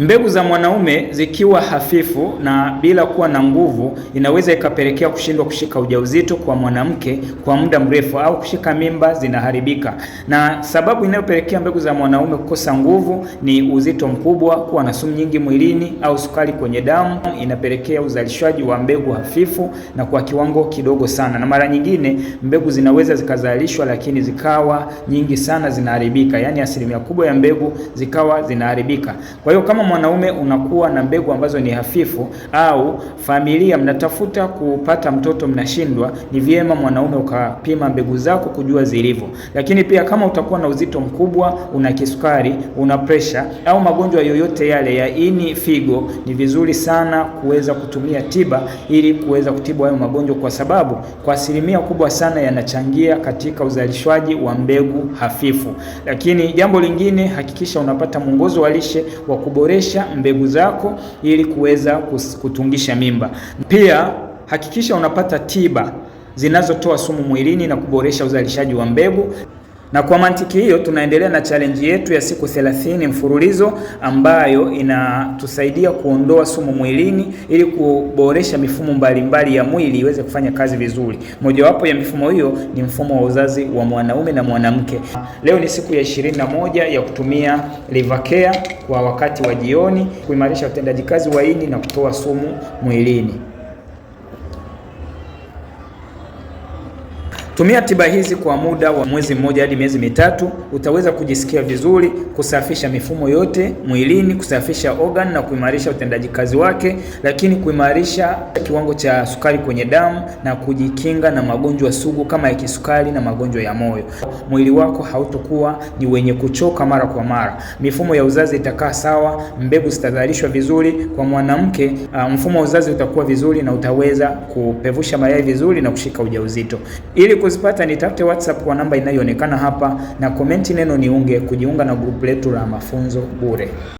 Mbegu za mwanaume zikiwa hafifu na bila kuwa na nguvu, inaweza ikapelekea kushindwa kushika ujauzito kwa mwanamke kwa muda mrefu au kushika mimba zinaharibika. Na sababu inayopelekea mbegu za mwanaume kukosa nguvu ni uzito mkubwa, kuwa na sumu nyingi mwilini au sukari kwenye damu, inapelekea uzalishwaji wa mbegu hafifu na kwa kiwango kidogo sana. Na mara nyingine mbegu zinaweza zikazalishwa, lakini zikawa nyingi sana zinaharibika, yaani asilimia kubwa ya mbegu zikawa zinaharibika. Kwa hiyo kama mwanaume unakuwa na mbegu ambazo ni hafifu, au familia mnatafuta kupata mtoto mnashindwa, ni vyema mwanaume ukapima mbegu zako kujua zilivyo. Lakini pia kama utakuwa na uzito mkubwa, una kisukari, una pressure au magonjwa yoyote yale ya ini, figo, ni vizuri sana kuweza kutumia tiba ili kuweza kutibu hayo magonjwa, kwa sababu kwa asilimia kubwa sana yanachangia katika uzalishwaji wa mbegu hafifu. Lakini jambo lingine, hakikisha unapata mwongozo wa lishe wa kuboresha kuboresha mbegu zako ili kuweza kutungisha mimba. Pia hakikisha unapata tiba zinazotoa sumu mwilini na kuboresha uzalishaji wa mbegu. Na kwa mantiki hiyo tunaendelea na challenge yetu ya siku 30 mfululizo ambayo inatusaidia kuondoa sumu mwilini ili kuboresha mifumo mbalimbali ya mwili iweze kufanya kazi vizuri. Mojawapo ya mifumo hiyo ni mfumo wa uzazi wa mwanaume na mwanamke. Leo ni siku ya 21 ya kutumia livakea kwa wakati wa jioni kuimarisha utendaji kazi wa ini na kutoa sumu mwilini. Tumia tiba hizi kwa muda wa mwezi mmoja hadi miezi mitatu. Utaweza kujisikia vizuri, kusafisha mifumo yote mwilini, kusafisha organ na kuimarisha utendaji kazi wake, lakini kuimarisha kiwango cha sukari kwenye damu na kujikinga na magonjwa sugu kama ya kisukari na magonjwa ya moyo. Mwili wako hautokuwa ni wenye kuchoka mara kwa mara, mifumo ya uzazi itakaa sawa, mbegu zitazalishwa vizuri. Kwa mwanamke, ah, mfumo wa uzazi utakuwa vizuri na utaweza kupevusha mayai vizuri na kushika ujauzito ili kuzipata nitafute WhatsApp kwa namba inayoonekana hapa na komenti neno niunge kujiunga na grupu letu la mafunzo bure.